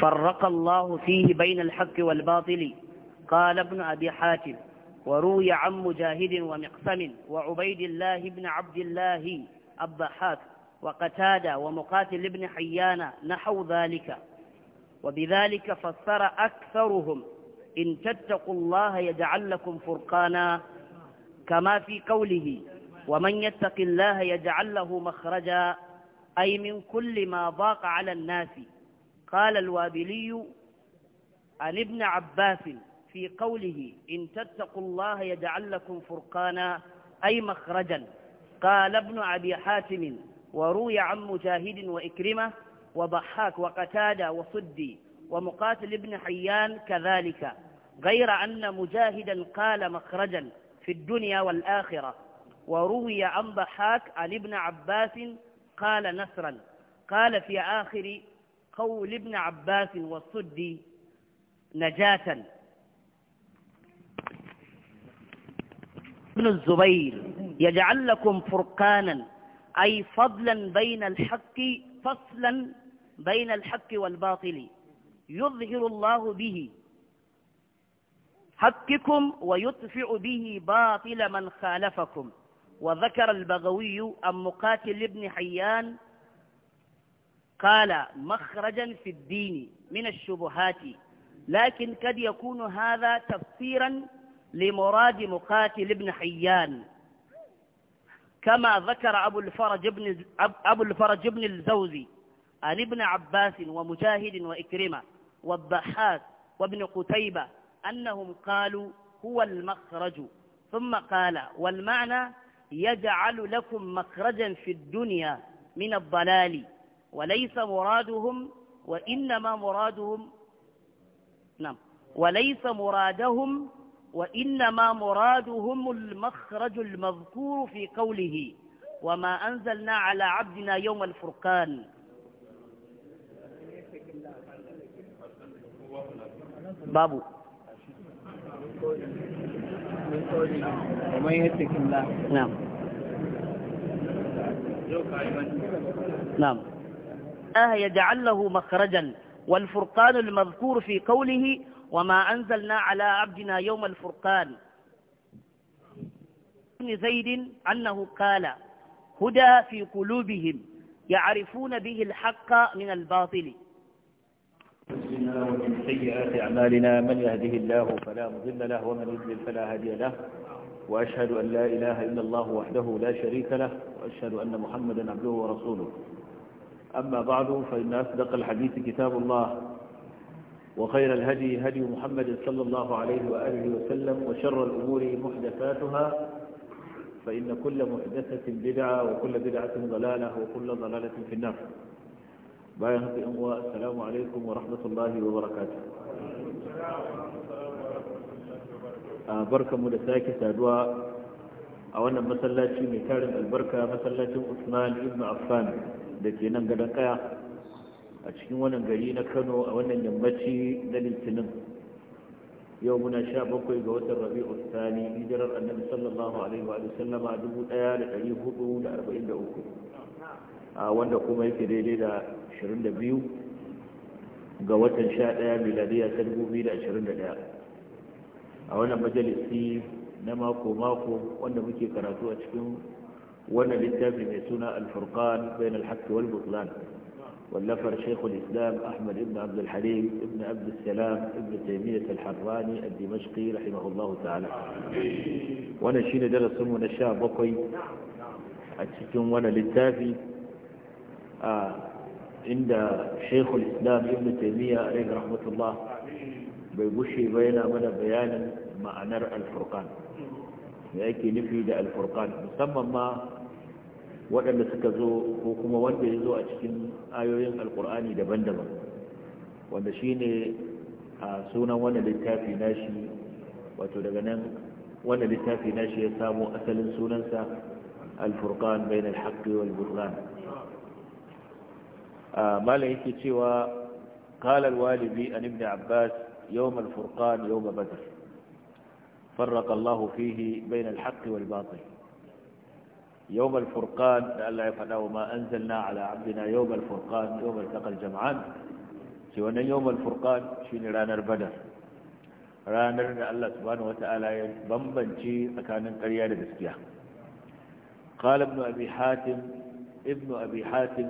فرق الله فيه بين الحق والباطل قال ابن أبي حاتم وروي عن مجاهد ومقسم وعبيد الله بن عبد الله الضحاك وقتادة ومقاتل بن حيان نحو ذلك وبذلك فسر أكثرهم إن تتقوا الله يجعل لكم فرقانا كما في قوله ومن يتق الله يجعل له مخرجا أي من كل ما ضاق على الناس قال الوابلي عن ابن عباس في قوله إن تتقوا الله يجعل لكم فرقانا أي مخرجا قال ابن أبي حاتم وروي عن مجاهد وإكرمة وضحاك وقتادة وصدي ومقاتل ابن حيان كذلك غير أن مجاهدا قال مخرجا في الدنيا والآخرة وروي عن ضحاك عن ابن عباس قال نسرا قال في آخر قول ابن عباس والصدي نجاة ابن الزبير يجعل لكم فرقانا أي فضلا بين الحق فصلا بين الحق والباطل يظهر الله به حقكم ويطفع به باطل من خالفكم وذكر البغوي عن مقاتل ابن حيان قال مخرجا في الدين من الشبهات لكن قد يكون هذا تفسيرا لمراد مقاتل ابن حيان كما ذكر أبو الفرج ابن أبو الفرج ابن الزوزي عن ابن عباس ومجاهد وإكرمة والضحاك وابن قتيبة أنهم قالوا هو المخرج ثم قال والمعنى يجعل لكم مخرجا في الدنيا من الضلال وليس مرادهم وإنما مرادهم نعم وليس مرادهم وإنما مرادهم المخرج المذكور في قوله وما أنزلنا على عبدنا يوم الفرقان بابو وما يهتك الله نعم نعم الله يجعل له مخرجا والفرقان المذكور في قوله وما أنزلنا على عبدنا يوم الفرقان ابن زيد أنه قال هدى في قلوبهم يعرفون به الحق من الباطل ومن سيئات أعمالنا من يهده الله فلا مضل له ومن يضلل فلا هادي له وأشهد أن لا إله إلا الله وحده لا شريك له وأشهد أن محمدا عبده ورسوله أما بعد فإن أصدق الحديث كتاب الله وخير الهدي هدي محمد صلى الله عليه وآله وسلم وشر الأمور محدثاتها فإن كل محدثة بدعة وكل بدعة ضلالة وكل ضلالة في النار بايهب أموى السلام عليكم ورحمة الله وبركاته آه، بركة مدساكي سادواء a wannan masallaci mai tarin albarka masallacin usman ibn affan da ke nan gadon kaya a cikin wannan gari na kano a wannan yammaci na litinin yau muna sha bakwai ga watan rabi'u tsani hijirar annabi sallallahu alaihi wa sallama dubu daya da dari hudu da arba'in da uku a wanda kuma yake daidai da ashirin da biyu ga watan sha daya miladiya ta dubu biyu da ashirin da daya a wannan majalisi na mako-mako wanda muke karatu a cikin wannan littafi mai suna alfurkan bayan alhaƙi wal butlan wallafar shekul islam ahmad ibn abdul halim ibn abdul salam ibn taimiyyat al-harrani al-dimashqi rahimahullah ta'ala wannan shine darasin mu na sha bakwai a cikin wannan littafi a inda shekul islam ibn taimiyya alaihi rahmatullah bai gushe bayana mana bayanin ma'anar alfurkan ma ake nufi da alfurkan musamman ma waɗanda suka zo ko kuma wanda ya zo a cikin ayoyin alkur'ani daban-daban wanda shi ne a sunan wanda littafi nashi wato daga nan wanda littafi nashi ya samo asalin sunansa alfurkan bayan alhaƙi wal burhan malam yake cewa قال walibi a ابن abbas يوم الفرقان يوم بدر فرق الله فيه بين الحق والباطل يوم الفرقان لألا يفعله وما أنزلنا على عبدنا يوم الفرقان يوم التقى الجمعان سوانا يوم الفرقان شين رانر بدر رانر الله سبحانه وتعالى بمبنشي أكان قرية لبسكية قال ابن أبي حاتم ابن أبي حاتم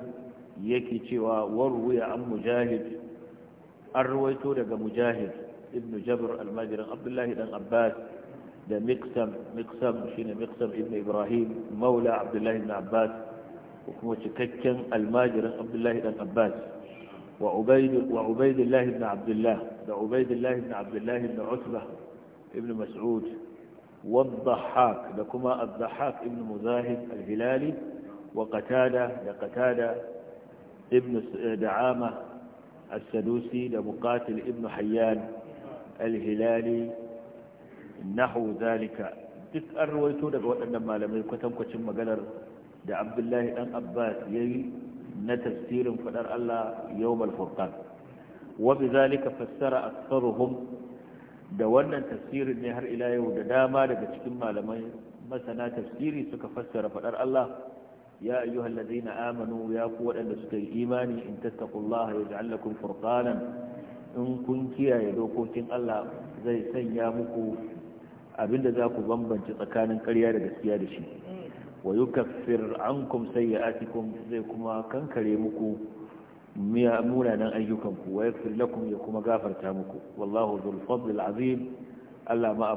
يكي شوى وروي عن مجاهد الرويت لك مجاهد ابن جبر المجري عبد الله بن عباس ده مقسم مقسم شنو مقسم ابن ابراهيم مولى عبد الله بن عباس وكما تككن الماجر عبد الله بن عباس وعبيد وعبيد الله بن عبد الله ده عبيد الله بن عبد الله بن عتبه ابن مسعود والضحاك ده كما الضحاك ابن مذاهب الهلالي وقتاده ده قتاده ابن دعامه السدوسي ده مقاتل ابن حيان alhilali nahu zalika duk an rawaito daga waɗannan malamai kwatankwacin maganar da abdullahi Ɗan abbas ya yi na tafsirin faɗar allah yau malfurkan wabi zalika fassara aksaruhum da wannan tafsirin ne har ila yau da dama daga cikin malamai masana tafsiri suka fassara faɗar allah Ya يا أيها الذين آمنوا يا waɗanda suka yi imani in tattakullaha يجعل لكم furkanan. in kun kiyaye dokokin Allah zai sanya muku abinda za ku bambance tsakanin ƙarya da gaskiya da shi wa yukaffir ankum sayyi'atikum zai kuma kankare muku munanan ayyukanku wa firla lakum ya kuma gafarta muku wallahu dhul fadl azim Allah ma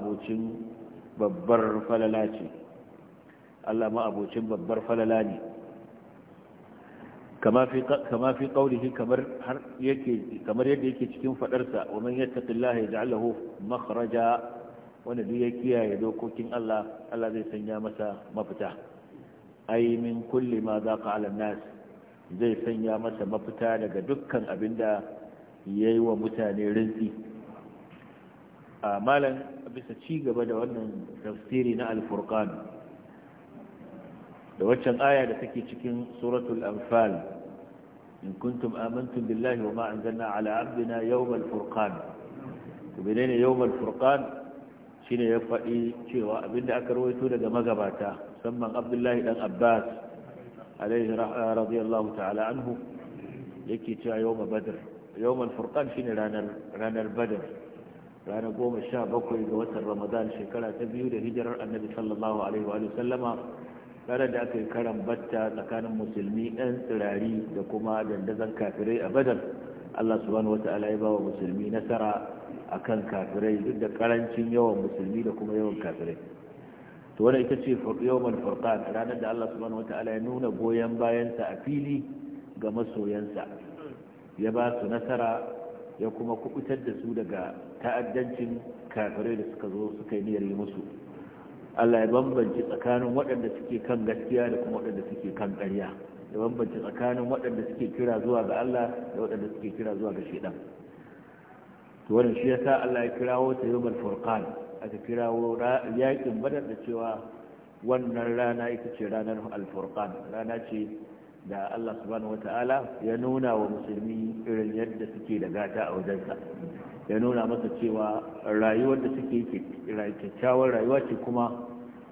babbar falala ce Allah babbar falala ne kama fi qaulihi kamar yake yadda yake cikin fadarsa wa man yattaqillaha yaj'al lahu makaraja. wanda duk ya kiyaye dokokin Allah Allah zai sanya masa mafita ai min kulli ma zaqa 'ala nas zai sanya masa mafita daga dukkan abinda yayi wa mutane rinzi a malan bisa ci gaba da wannan tafsiri na al da waccan aya da take cikin suratul anfal in kuntum amantum billahi wa ma anzalna ala abdina yawmal furqan to menene yawmal furqan shine ya faɗi cewa abinda aka rawaito daga magabata musamman abdullahi dan abbas alaihi radiyallahu ta'ala anhu yake cewa yawma badr yawmal furqan shine ranar ranar badr ranar goma sha bakwai ga watan ramadan shekara ta biyu da hijirar annabi sallallahu alaihi wa sallama ranar da aka yi karan batta tsakanin musulmi ɗan tsirari da kuma dandazon kafirai a badar allah subhanahu wa ta'ala ya bawa musulmi nasara akan kafirai duk da karancin yawan musulmi da kuma yawan kafirai to wannan ita ce yawmal furqan ranar da allah subhanahu wa ta'ala ya nuna goyon bayansa a fili ga masoyansa ya ba su nasara ya kuma kubutar da su daga ta'addancin kafirai da suka zo suka yi niyyar yi musu Allah ya bambance tsakanin waɗanda suke kan gaskiya da kuma waɗanda suke kan ƙarya ya bambance tsakanin waɗanda suke kira zuwa ga Allah da waɗanda suke kira zuwa ga shaidan to wannan shi yasa Allah ya kirawo ta yawmal furqan aka kirawo yakin badar da cewa wannan rana ita ce ranar al-furqan rana ce da Allah subhanahu wata'ala ya nuna wa musulmi irin yadda suke da gata a wajensa ya nuna masa cewa rayuwar da suke kyakkyawar rayuwa ce kuma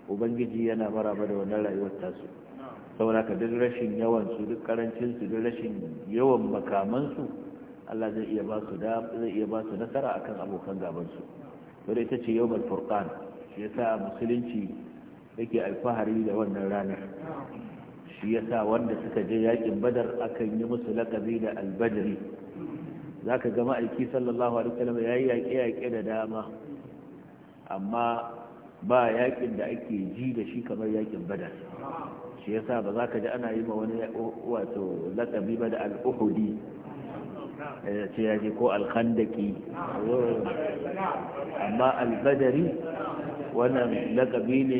ubangiji yana maraba da wannan rayuwar tasu saboda ka duk rashin yawan su duk karancin su duk rashin yawan makamansu Allah zai iya ba su da zai iya ba su nasara akan abokan gaban su to ita ce yawmal furqan shi yasa musulunci yake alfahari da wannan ranar shi yasa wanda suka je yakin badar akan yi musu lakabi da za zaka ga ma'aiki sallallahu alaihi wasallam yayi yaƙe yaƙe da dama amma ba yakin da ake ji da shi kamar yakin badar shi yasa ba za ka ji ana yi ma wani wato lakabi ba da al'uhudi ce eh, ya ji ko alkhandaki oh. amma albadari wannan lakabi ne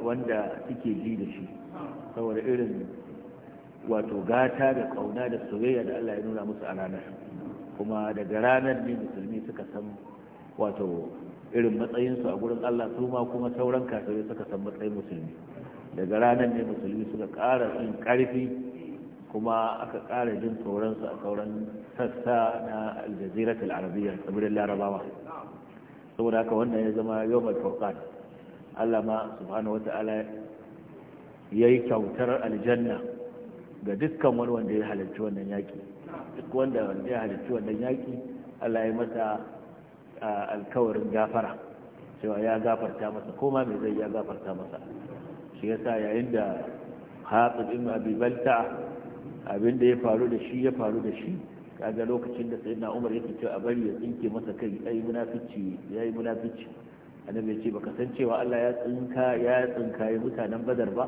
wanda suke ji da shi saboda irin wato gata da kauna da soyayya da Allah ya nuna musu a ranar kuma daga ranar ne musulmi suka san wato irin matsayinsu a gurin Allah su ma kuma sauran kafirai suka san matsayin musulmi daga ranar ne musulmi suka ƙara yin ƙarfi kuma aka ƙara jin tsoronsu a sauran sassa na aljazirat al'arabiyya tsibirin larabawa saboda haka wannan ya zama yawmal furqan Allah ma subhanahu ya yi kyautar aljanna ga dukkan wani wanda ya halarci wannan yaƙi duk wanda ya halarci wannan yaƙi allah ya masa alkawarin gafara cewa ya gafarta masa koma mai zai ya gafarta masa shi ya sa yayin da hatsin ibn abi balta abin da ya faru da shi ya faru da shi kaga lokacin da sai na umar yake cewa a bari ya tsinke masa kai yi munafici yi munafici annabi ya ce baka san cewa Allah ya tsinka ya tsinkaye mutanen badar ba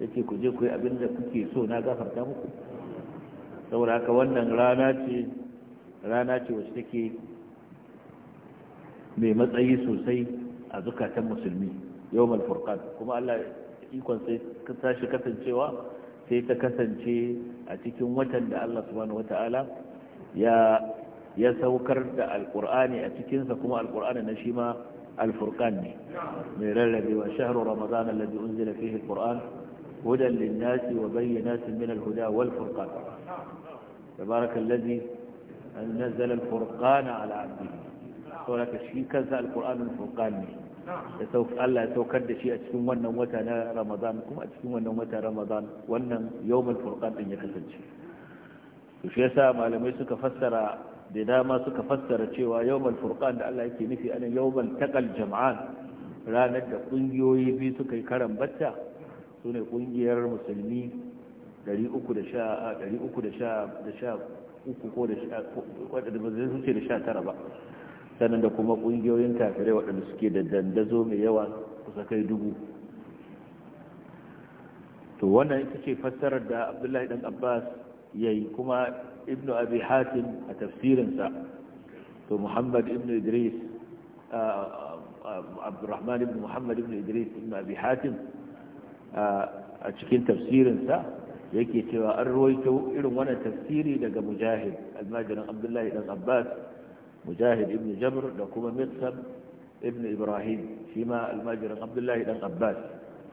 yake ku je ku yi abin da kuke so na gafarta muku saboda haka wannan rana ce rana ce wacce take mai matsayi sosai a zukatan musulmi yawmal furqan kuma Allah ikon sai kasancewa sai ta kasance a cikin watan da Allah subhanahu wata'ala ya ya saukar da alkur'ani a cikinsa kuma alkur'ani na shi ma alfurkan ne mai rarrabewa shahru ramadan alladhi unzila fihi alquran هدى للناس وبينات من الهدى والفرقان تبارك الذي نزل الفرقان على عبده saboda shi kansa alkur'anin furqan ne Allah ya saukar da shi a cikin wannan wata ramadan kuma a cikin wannan wata ramadan wannan yawmul furqan din ya kasance to shi yasa malamai suka da dama suka fassara cewa yawmul furqan da Allah yake nufi anan yawmul taqal jam'an ranar da ƙungiyoyi biyu suka yi karan su ne ƙungiyar musulmi 313 ko da waɗanda ba suke da sha tara ba sannan da kuma ƙungiyoyin kafirai waɗanda suke da dandazo mai yawa kusa kai dubu to wannan ita ce fassarar da abdullahi dan abbas ya yi kuma ibnu abi hatim a tafsirinsa to muhammad ibnu idris abdurrahman ibn muhammad ibn idris ibn abi hatim a cikin tafsirinsa yake cewa an ruwaito irin wani tafsiri daga mujahid almajirin abdullahi dan abbas mujahid ibn jabr da kuma mitsab ibn ibrahim shi ma almajirin abdullahi dan abbas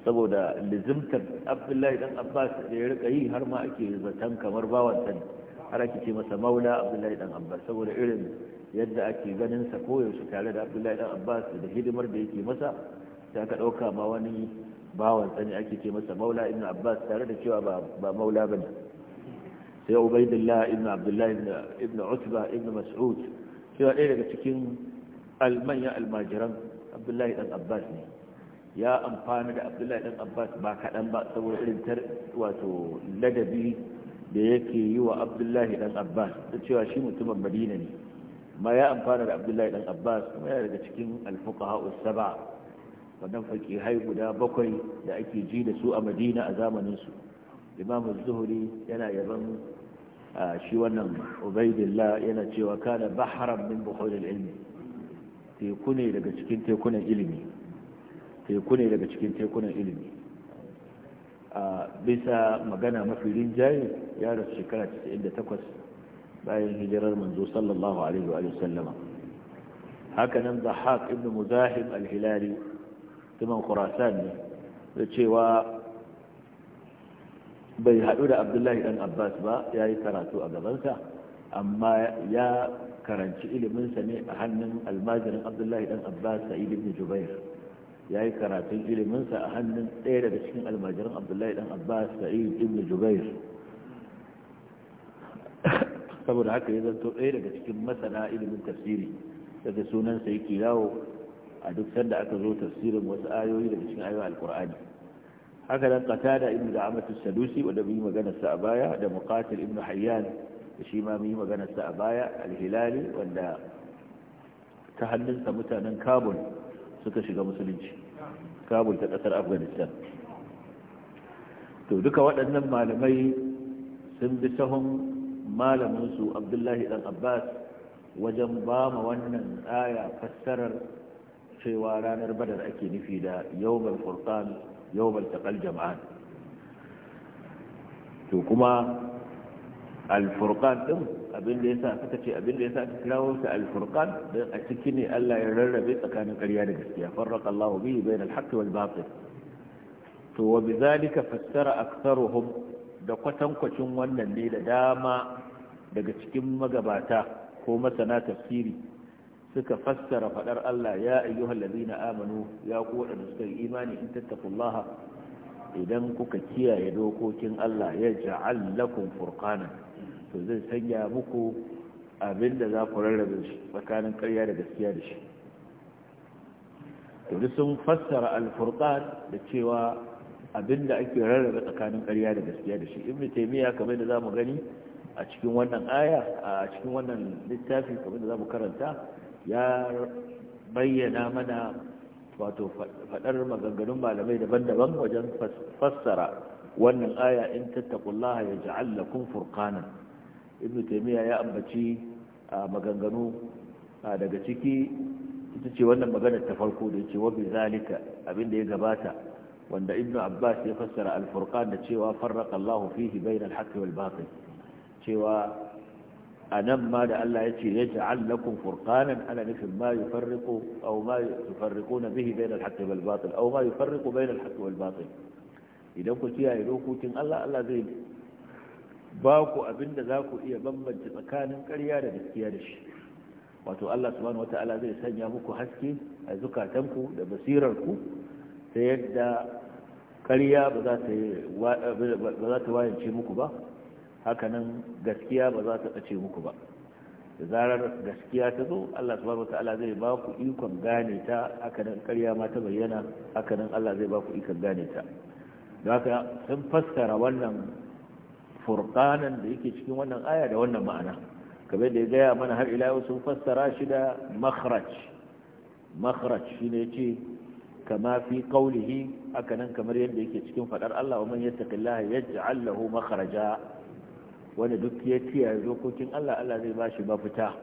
saboda lizimtar abdullahi dan abbas da ya rika yi har ma ake zaton kamar bawan sani har ake ce masa maula abdullahi dan abbas saboda irin yadda ake ganin sa koyaushe tare da abdullahi dan abbas da hidimar da yake masa ta ka ɗauka ma wani bawan sani ake ce masa maula ibn abbas tare da cewa ba maula ba ne sai ubaidillah ibn abdullah ibn utba ibn mas'ud cewa ɗaya daga cikin almanyan almajiran abdullahi dan abbas ne ya amfana da abdullahi dan abbas ba kaɗan ba saboda irin tar wato ladabi da yake yi wa abdullahi dan abbas da cewa shi mutumin madina ne ma ya amfana da abdullahi dan abbas kuma ya daga cikin alfuqaha saba wannan fakihai guda bakwai da ake ji da su a madina a zamaninsu imamu zuhuri yana yaban shi wannan ubaidillah yana cewa kana baharan min buhuril ilmi teku ne daga cikin tekunan ilimi teku ne daga cikin tekunan ilimi a bisa magana mafi rinjaye ya rasu shekara 98 bayan hijirar manzo sallallahu alaihi wa sallama haka nan zahaq ibn muzahim al-hilali mutumin khurasan ne da cewa bai haɗu da abdullahi ɗan abbas ba ya yi karatu a gabansa amma ya karanci iliminsa ne a hannun almajirin abdullahi ɗan abbas sa'id ibn jubair ya yi karatun iliminsa a hannun ɗaya daga cikin almajirin abdullahi ɗan abbas sa'id ibn jubair saboda haka ya zanto ɗaya daga cikin masana ilimin tafsiri daga sunansa yake yawo a duk sanda aka zo tafsirin wasu ayoyi daga cikin ayoyin alkur'ani haka nan qatada ibnu da'amatu sadusi wanda bi magana sa a baya da muqatil ibnu hayyan shi ma bi magana sa a baya al-hilali wanda ta hannunsa mutanen kabul suka shiga musulunci kabul ta kasar afghanistan to duka waɗannan malamai sun bi sahun malaminsu abdullahi dan abbas wajen ba ma wannan aya fassarar cewa ranar badar ake nufi da yawmal furqan yawmal taqal jama'an to kuma alfur'an furqan din abin da sa suka ce abin da yasa aka kirawo shi al-furqan a ciki ne Allah ya rarrabe tsakanin ƙarya da gaskiya farraqa Allah bihi bainal haqqi wal batil to wa bizalika fassara aktharuhum da kwatankwacin wannan ne da dama daga cikin magabata ko masana tafsiri suka fassara faɗar Allah ya ayyuhal ladina amanu ya ku wadanda suka yi imani in tattaqullaha idan kuka kiyaye dokokin Allah ya ja'al lakum furqana to zai sanya muku abinda za ku rarrabe shi tsakanin ƙarya da gaskiya da shi to sun fassara al-furqan da cewa abinda ake rarrabe tsakanin ƙarya da gaskiya da shi ibnu taymiya kamar da zamu gani a cikin wannan aya a cikin wannan littafi kamar da zamu karanta ya bayyana mana wato faɗar maganganun malamai daban-daban wajen fassara wannan aya in tattakullaha ya ja'al lakum furqanan ibnu taymiya ya ambaci maganganu daga ciki ita ce wannan maganar ta farko da yace wa bi zalika abinda ya gabata wanda ibnu abbas ya fassara al-furqan da cewa farraqa allahu fihi bainal haqqi wal batil cewa a nan ma da Allah ya ce ya ja'al lakum furqanan ana nufin ma yufarriqu aw ma na bihi bayna al-haqqi wal batil aw ma yufarriqu bayna al-haqqi wal batil idan ku kiyaye dokokin Allah Allah zai ba ku abinda za ku iya bambance tsakanin ƙarya da gaskiya da shi wato Allah subhanahu wata'ala zai sanya muku haske a zukatanku da basirarku ta yadda ƙarya ba za ta wayance muku ba hakanan gaskiya ba za ta ɓace muku ba da zarar gaskiya ta zo Allah subhanahu zai ba ku ikon gane ta hakanan ƙarya ma ta bayyana hakanan Allah zai ba ku ikon gane ta haka sun fassara wannan furƙanan da yake cikin wannan aya da wannan ma'ana kamar da ya gaya mana har ila yau sun fassara shi da makhraj makhraj shine yace fi في hakanan kamar yadda yake cikin faɗar Allah Wa يتق الله يجعل allahu مخرجا wanda duk ya dokokin Allah Allah zai bashi mafita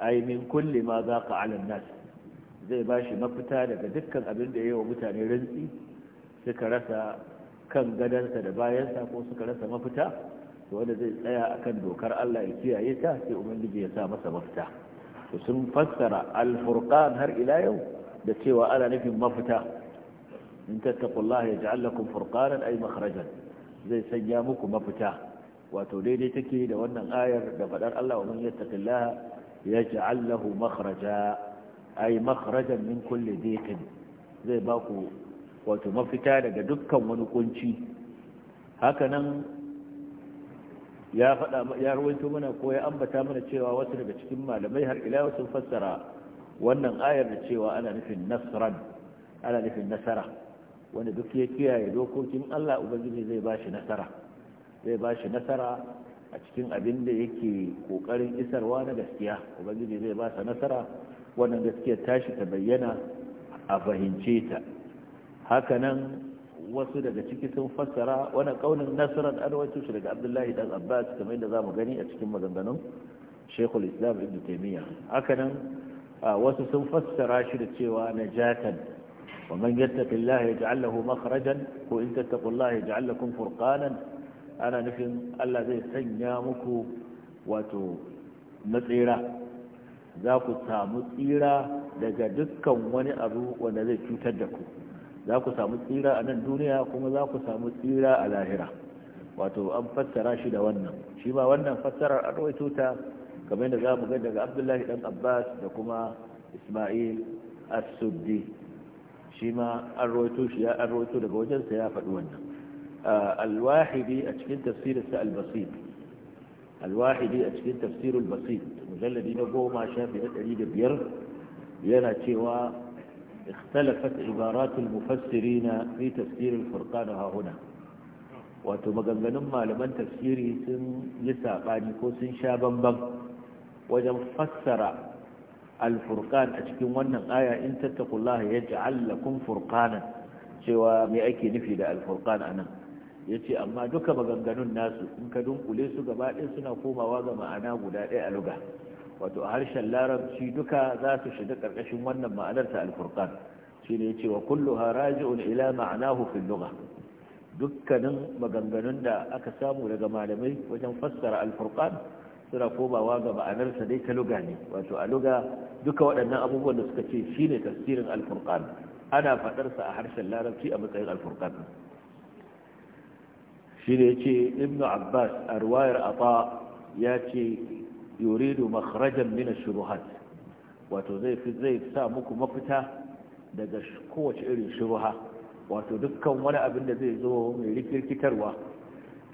ai min kulli ma zaqa ala nas zai bashi mafita daga dukkan abin da yi wa mutane rantsi suka rasa kan gadansa da bayansa ko suka rasa mafita to wanda zai tsaya akan dokar Allah ya kiyaye ta sai ubangiji ya sa masa mafita to sun fassara al-furqan har ila yau da cewa ana nufin mafita in tattaqullaha yaj'al lakum furqanan ay makhrajan zai sanya muku mafita wato daidai take da wannan ayar da faɗar Allah wa man yattaqillaha yaj'al lahu makhraja ay makhrajan min kulli dhiqin zai ba ku wato mafita daga dukkan wani kunci hakanan ya faɗa ya rawaito mana ko ya ambata mana cewa wasu daga cikin malamai har ila sun fassara wannan ayar da cewa ana nufin nasran ana nufin nasara wanda duk ya kiyaye dokokin Allah ubangiji zai bashi nasara zai ba shi nasara a cikin abin da yake kokarin isarwa na gaskiya ubangiji zai ba sa nasara wannan gaskiya tashi ta bayyana a fahimce ta hakanan wasu daga ciki sun fassara wani kaunin nasarar arwacin shi daga abdullahi dan abbas kamar yadda mu gani a cikin maganganun shekul islam ibn taimiyya hakanan wasu sun fassara shi da cewa najatan wa man yattaqillaha yaj'al lahu makhrajan ko in tattaqullaha yaj'al lakum furqanan ana nufin Allah zai sanya muku wato matsira za ku samu tsira daga dukkan wani abu wanda zai cutar da ku za ku samu tsira a nan duniya kuma za ku samu tsira a lahira wato an fassara shi da wannan shi ba wannan fassarar an rawaito ta kamar yadda za mu ga daga abdullahi dan abbas da kuma isma'il as-suddi shi ma an rawaito shi ya an rawaito daga wajensa ya faɗi wannan alwahidi a cikin tafsirin sa al-basit alwahidi a cikin tafsirul basit mujalladi na goma shafi na ɗari da biyar yana cewa اختلفت عبارات المفسرين في تفسير الفرقان ها هنا wato maganganun malaman tafsiri sun yi saɓani ko sun sha bambam wajen fassara alfurkan a cikin wannan aya in tattakullaha ya ja'alla kun furkanan cewa me ake nufi da alfurkan a nan ya ce amma duka maganganun nasu in ka dunkule su gaba ɗaya suna komawa ga ma'ana guda ɗaya a luga wato a harshen larabci duka za su shiga ƙarƙashin wannan ma'anar ta alfurqan shi ne cewa kullu haraji'un ila ma'anahu fil lugha dukkanin maganganun da aka samu daga malamai wajen fassara alfurkan suna komawa ga ma'anarsa dai ta luga ne wato a luga duka waɗannan abubuwan da suka ce shine tafsirin alfurkan ana faɗarsa a harshen larabci a matsayin alfurkan. shi ya ce ibn abbas a ruwayar aba ya ce yoredo makharajan mina shuruhat wato zai zai sa muku mafita daga kowace irin shuruha wato dukkan wani abin da zai zo mai rikirkitarwa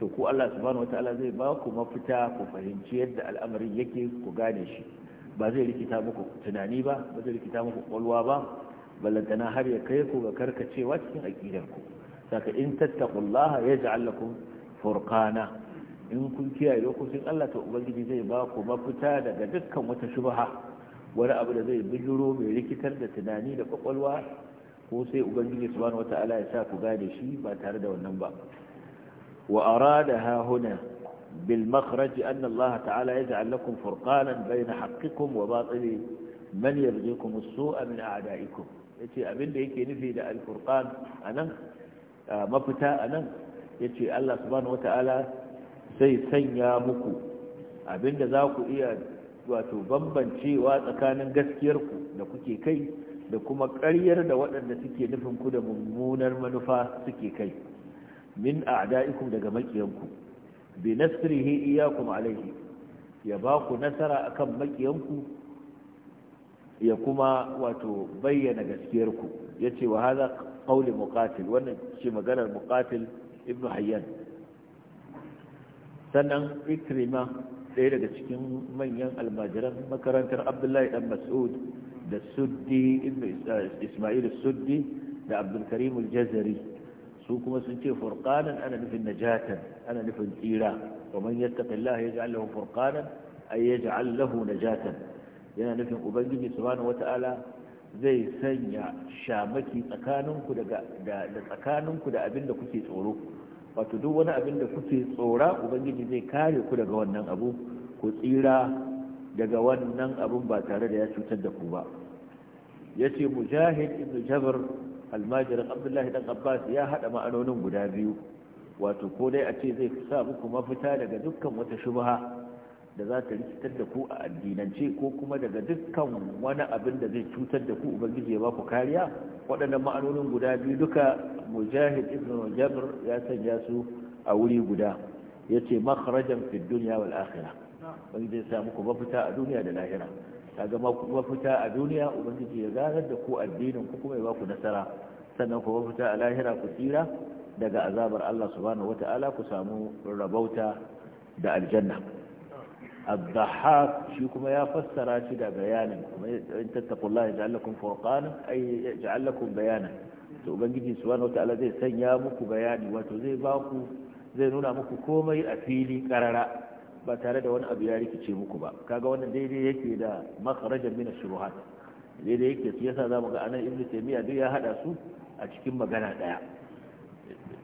to ku Allah subhanahu Ta'ala zai ba ku mafita ku fahimci yadda al'amarin yake ku gane shi ba zai rikita muku tunani ba ba zai rikita muku kwalwa ba ballantana har ya kai ku ga karkacewa cikin aƙidar ku saka in tattaqullaha ya ja'allakun Furkana in kun kiyaye lokacin Allah ta ubangiji zai ba ku mafita daga dukkan wata shubaha wani abu da zai bijiro mai rikitar da tunani da kwakwalwa ko sai ubangiji bani wata ya sa ku gane shi ba tare da wannan ba wa arada ha huna bil makhraj anna Allah ta'ala Furkanan lakum furqanan bayna haqqikum wa batili man yarzuqukum as-su'a min a'da'ikum yace abinda yake nufi da al-furqan anan mafita a nan ya ce Allah subhanahu wata'ala sai sanya muku abinda za ku iya wato bambancewa tsakanin gaskiyarku da kuke kai da kuma karyar da waɗanda suke nufin ku da mummunar manufa suke kai min a da'ikun daga makiyanku bi nasrihi kuma alaihi, ya ba ku nasara akan makiyanku ya kuma wato bayyana gaskiyarku yace wa haza قول مقاتل wannan ce maganar mukatil ibn hayyan sannan ikrima ɗaya daga cikin manyan almajiran makarantar abdullahi dan mas'ud da suddi isma'il suddi da abdul karim al-jazari su kuma sun ce Furkanan ana nufin najatan ana nufin tsira wa man ya yaj'al lahu Furkanan ay yaj'al lahu najatan yana nufin ubangiji subhanahu wata'ala zai sanya shamaki tsakaninku da tsakaninku da abin da kuke tsoro wato duk wani abin da kuke tsora ubangiji zai kare ku daga wannan abu ku tsira daga wannan abun ba tare da ya cutar da ku ba ya ce mujahid ibn jabir almajirin abdullahi dan abbas ya haɗa ma'anonin guda biyu wato ko dai a ce zai sa muku mafita daga dukkan wata shubha da za ta rikitar da ku a addinance ko kuma daga dukkan wani abin da zai cutar da ku ubangiji ya ba ku kariya waɗannan ma'anonin guda biyu duka mujahid ibn jabr ya sanya su a wuri guda ya ce makharajan fi duniya wal akhirah ubangiji ya samu ku mafita a duniya da lahira kaga mafita a duniya ubangiji ya ganar da ku addinin ku kuma ya ba ku nasara sannan ku mafita a lahira ku tsira daga azabar Allah subhanahu wata'ala ku samu rabauta da aljanna الضحاك شو كما يا فسر شدا بيانا إن تتقوا الله يجعل لكم فرقانا أي يجعل لكم بيانا ubangiji subhanahu wataala zai sanya muku bayani wato zai zai nuna muku komai a fili karara ba tare da wani abu ya rikice muku ba kaga wannan daidai yake da makharajan min ash-shubuhat daidai yake shi yasa zamu ga anan ibnu taymiya duk ya hada su a cikin magana ɗaya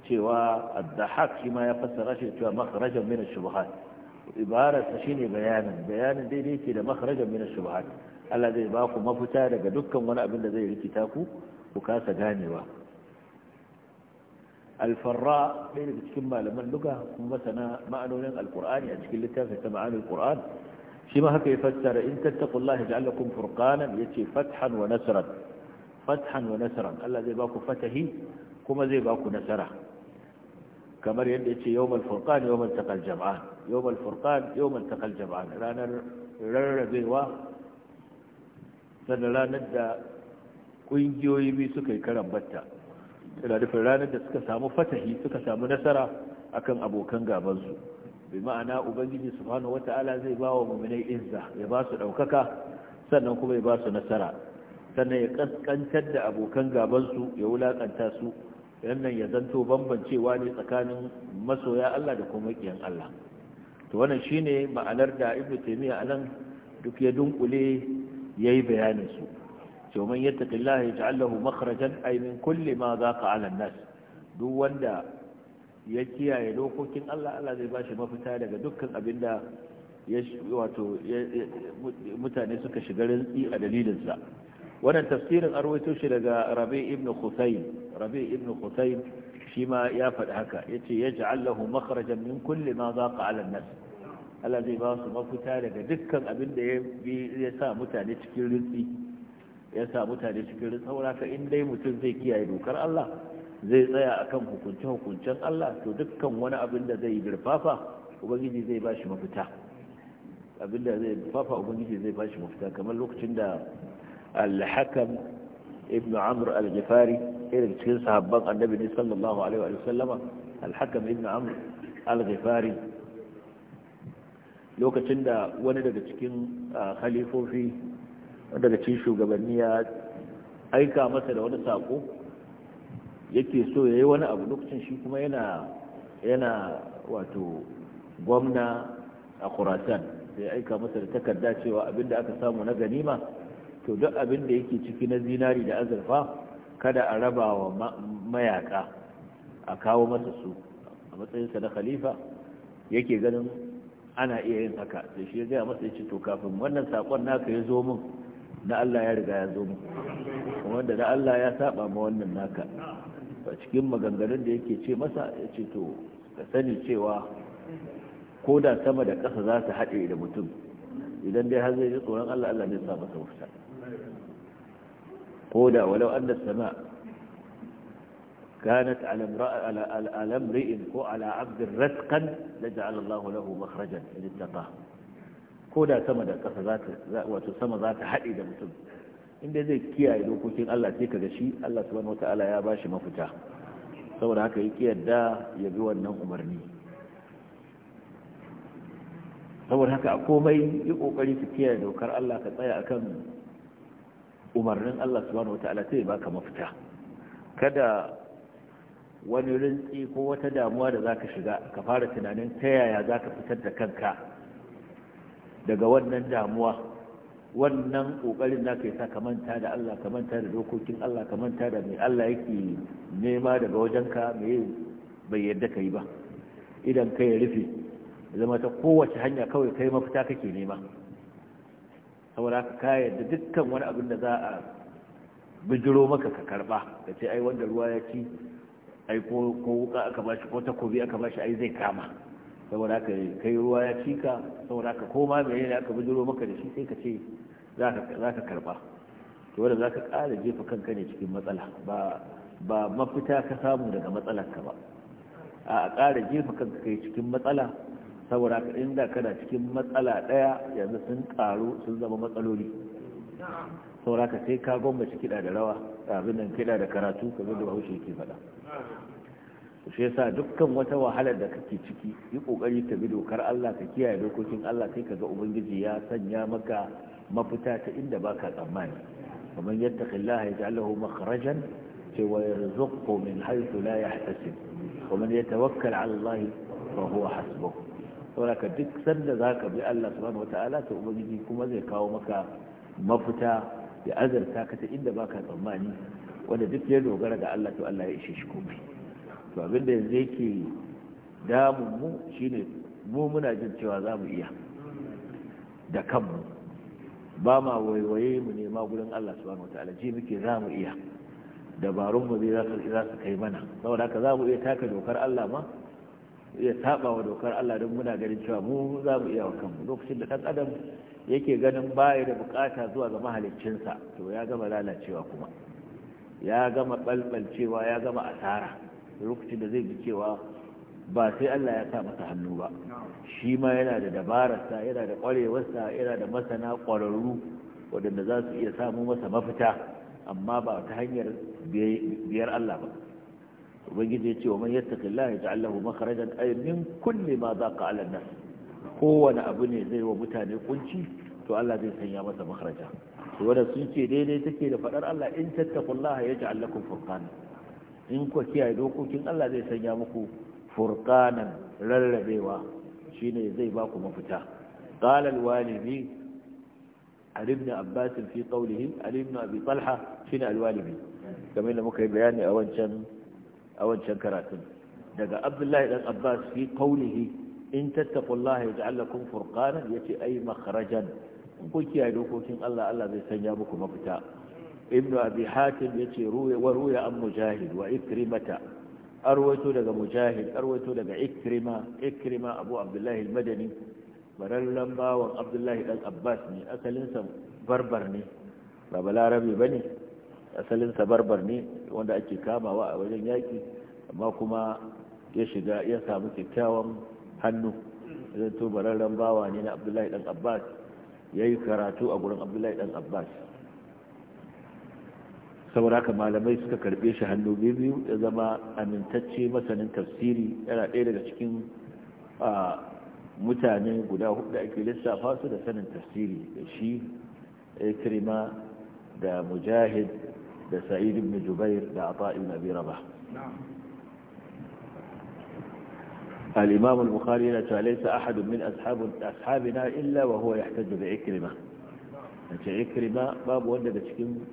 cewa ad-dahhak shi ma ya fassara shi cewa makharajan min ash-shubuhat shi shine bayanin bayanin daidai ke da makharajan mina ash Allah zai ba ku mafita daga dukkan wani abin da zai rikita ku ku kasa ganewa alfarra ɗaya daga cikin malaman luga kuma masana ma'anonin alkur'ani a cikin littafin ta ma'anin alkur'an shi ma haka ya fassara in tattaqullah ja'al lakum furqanan yace fathan wa nasran fathan wa nasran Allah zai baku fatahi kuma zai baku nasara kamar yadda ya ce yawmal furqan yawmal takal jam'an yawmal furqan yawmal ranar rarrabewa sannan ranar da ƙungiyoyi biyu suka yi karan batta nufin ranar da suka samu fatahi suka samu nasara akan abokan gabansu bi ma'ana ubangiji subhanahu wata'ala zai ba wa muminai izza ya ba su ɗaukaka sannan kuma ya ba su nasara sannan ya kaskantar da abokan gabansu ya wulaƙanta su wannan ya zanto bambancewa ne tsakanin masoya Allah da kuma kiyan Allah to wannan shine ma'anar da ibnu taymiya anan duk ya dunkule yayi bayanin su to man yattaqillaha yaj'al lahu makhrajan ay min kulli ma zaqa 'ala an-nas duk wanda ya kiyaye dokokin Allah Allah zai bashi mafita daga dukkan abinda ya wato mutane suka shiga rantsi a dalilinsa wannan tafsirin arwaito shi daga rabi ibn khusayn rabi ibn khusayn shi ma ya faɗi haka yace yaj'al lahu makhrajan min kulli ma zaqa 'ala an-nas Allah zai ba su mafita daga dukkan abin da ya sa mutane cikin rinsi ya sa mutane cikin rinsi saboda ka in dai mutum zai kiyaye dokar Allah zai tsaya akan hukunce hukuncen Allah to dukkan wani abin da zai girfafa ubangiji zai ba shi mafita abin da zai fafa ubangiji zai ba shi mafita kamar lokacin da al-hakam ibn amr al irin cikin sahabban annabi ne sallallahu alaihi wa sallama al-hakam ibn amr al lokacin da wani daga cikin khalifofi daga cikin shugabanni ya aika masa da wani sako yake so ya yi wani abu lokacin shi kuma yana yana wato gwamna a khurasan sai aika masa da takarda cewa abinda aka samu na ganima to duk abin da yake ciki na zinari da azurfa kada a raba wa mayaka a kawo masa su a matsayinsa na khalifa yake ganin ana iya yin haka sai shi ya gaya masa ya to kafin wannan sakon naka ya zo min na Allah ya riga ya zo min wanda na Allah ya saba ma wannan naka a cikin maganganun da yake ce masa ya to ka sani cewa ko da sama da ƙasa za su haɗe da mutum idan dai har zai ji tsoron Allah Allah ya sa masa mafita قولا ولو أن السماء كانت على امرأ على على امرئ على عبد رتقا لجعل الله له مخرجا إن اتقاه كودا سما da kasa za ta wato sama za ta haɗe da mutum inda zai kiyaye dokokin Allah sai kaga shi Allah subhanahu wataala ya bashi mafita saboda haka yake yadda ya bi wannan umarni saboda haka a komai yi kokari ka kiyaye dokar Allah ka tsaya akan umarnin Allah subhanahu wataala sai baka mafita kada wani rintsi ko wata damuwa da zaka shiga ka fara tunanin ta yaya zaka fitar da kanka daga wannan damuwa wannan kokarin naka yasa ka manta da Allah ka manta da dokokin Allah ka manta da mai Allah yake nema daga wajenka mai bai yarda kai ba idan kai rufe zama ta kowace hanya kawai kai mafita kake nema saboda ka ka da dukkan wani abin da za a bijiro maka ka karba ka ce ai wanda ruwa ya ci ai ko wuka aka bashi ko takobi aka bashi ai zai kama saboda ka kai ruwa ya ci ka saboda ka koma mai yana aka bijiro maka da shi sai ka ce za ka karba to wanda za ka kara jefa kanka ne cikin matsala ba mafita ka samu daga matsalarka ba a ƙara jefa kanka kai cikin matsala saboda ka inda kana cikin matsala ɗaya yanzu sun ƙaru sun zama matsaloli saboda ka sai ka gwamnati kiɗa da rawa abin nan kiɗa da karatu kamar da bahaushe yake faɗa shi yasa dukkan wata wahalar da kake ciki yi kokari ka bi dokar Allah ka kiyaye dokokin Allah sai ka ga ubangiji ya sanya maka mafita ta inda baka tsammani kamar yattaqillaha yaj'al lahu makhrajan ce wa yarzuqhu min haythu la yahtasib wa man yatawakkal 'ala Allah fa huwa sauraka duk sanda za ka bi Allah subhanahu ta'ala ta ubangiji kuma zai kawo maka mafita da azarta ka ta inda baka tsammani wanda duk ya dogara ga Allah to Allah ya ishe shi komai to abin da yanzu yake damun mu shine mu muna jin cewa za mu iya da kanmu ba ma waiwaye mu nema gurin Allah subhanahu ta'ala ji muke za mu iya dabarun mu zai za su kai mana saboda haka za mu iya taka dokar Allah ma ya saba wa dokar Allah don muna ganin cewa mu za mu iya wa kanmu lokacin da ɗan adam yake ganin baya da bukata zuwa ga mahaliccinsa to ya gama lalacewa kuma ya gama ɓalɓalcewa ya gama asara lokacin da zai ji cewa ba sai Allah ya sa masa hannu ba shi ma yana da dabararsa yana da ƙwarewarsa yana da masana ƙwararru waɗanda za su iya samu masa mafita amma ba ta hanyar biyar Allah ba ubangiji ya ce wa man yattaqillah yaj'al lahu makhrajan ay min kulle ma za ka an-nas kowane abu ne zai wa mutane kunci to Allah zai sanya masa makaraja to wanda sun ce daidai take da fadar Allah in tattaqullaha yaj'al lakum furqana in ku kiyaye dokokin Allah zai sanya muku Furkanan rarrabewa shine zai ba ku mafita qala walibi, walidi Ali ibn Abbas fi qawlihi Ali ibn Abi Talha shine al-walidi kamar da muka yi bayani a wancan a wancan karatun daga abdullahi dan abbas fi qawlihi in tattaqullaha yaj'al lakum furqanan yace ay makhrajan kun kiyaye dokokin Allah Allah zai sanya muku mafita ibnu abi hatim yace ruwa wa ruwa an mujahid wa ikrimata arwaito daga mujahid arwaito daga ikrima ikrima abu abdullahi al-madani bararren bawan abdullahi dan abbas ne asalinsa barbar ne ba ba ne asalinsa barbar ne wanda ake kamawa a wajen yaki. amma kuma ya shiga ya samu kyakkyawan hannu zai to bararren bawa ne na abdullahi dan abbas ya yi karatu a gurin abdullahi dan abbas sauraka malamai suka karbe shi hannu biyu ya zama amintacce masanin tafsiri yana ɗaya daga cikin mutane guda hudu ake lissafa su da sanin tafsiri da shi ikrima da mujahid da sa'id ibn jubair da ata ibn abi rabah الإمام البخاري لا ليس أحد من أصحاب أصحابنا إلا وهو يحتج بإكرمة إكرمة باب وندد تشكيم